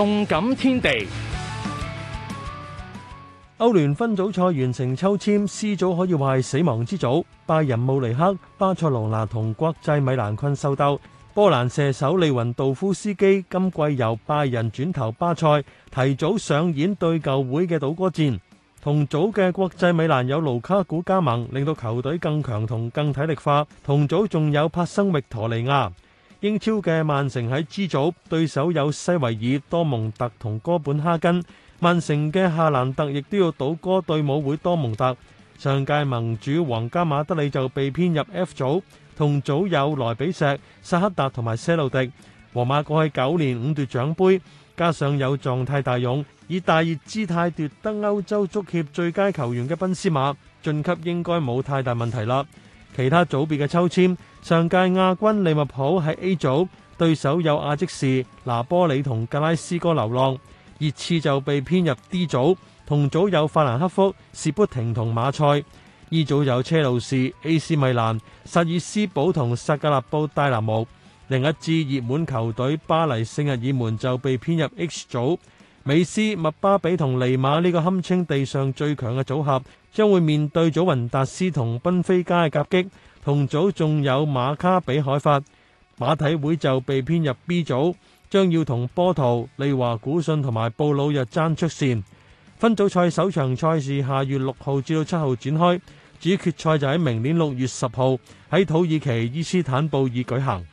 動感天地，歐聯分組賽完成抽籤，C 組可以話係死亡之組，拜仁慕尼黑、巴塞羅那同國際米蘭困獸鬥。波蘭射手利雲度夫斯基今季由拜仁轉投巴塞，提早上演對舊會嘅倒戈戰。同組嘅國際米蘭有盧卡古加盟，令到球隊更強同更體力化。同組仲有帕生域陀利亞。英超嘅曼城喺 G 組，對手有西維爾、多蒙特同哥本哈根。曼城嘅夏蘭特亦都要倒戈對母會多蒙特。上屆盟主皇家馬德里就被編入 F 組，同組有萊比錫、薩克達同埋些路迪。皇馬過去九年五奪獎杯，加上有狀態大勇，以大熱姿態奪得歐洲足協最佳球員嘅賓斯馬晉級應該冇太大問題啦。其他組別嘅抽籤，上屆亞軍利物浦喺 A 組，對手有阿積士、拿波里同格拉斯哥流浪；熱刺就被編入 D 組，同組有法蘭克福、士砵亭同馬賽。E 組有車路士、AC 米蘭、薩爾斯堡同薩格勒布戴拿姆。另一支熱門球隊巴黎聖日耳門就被編入 H 組。美斯、麥巴比同尼瑪呢個堪稱地上最強嘅組合，將會面對祖雲達斯同賓菲加嘅夾擊。同組仲有馬卡比海法，馬體會就被編入 B 組，將要同波圖、利華古遜同埋布魯日爭出線。分組賽首場賽事下月六號至到七號展開，主決賽就喺明年六月十號喺土耳其伊斯坦布爾舉行。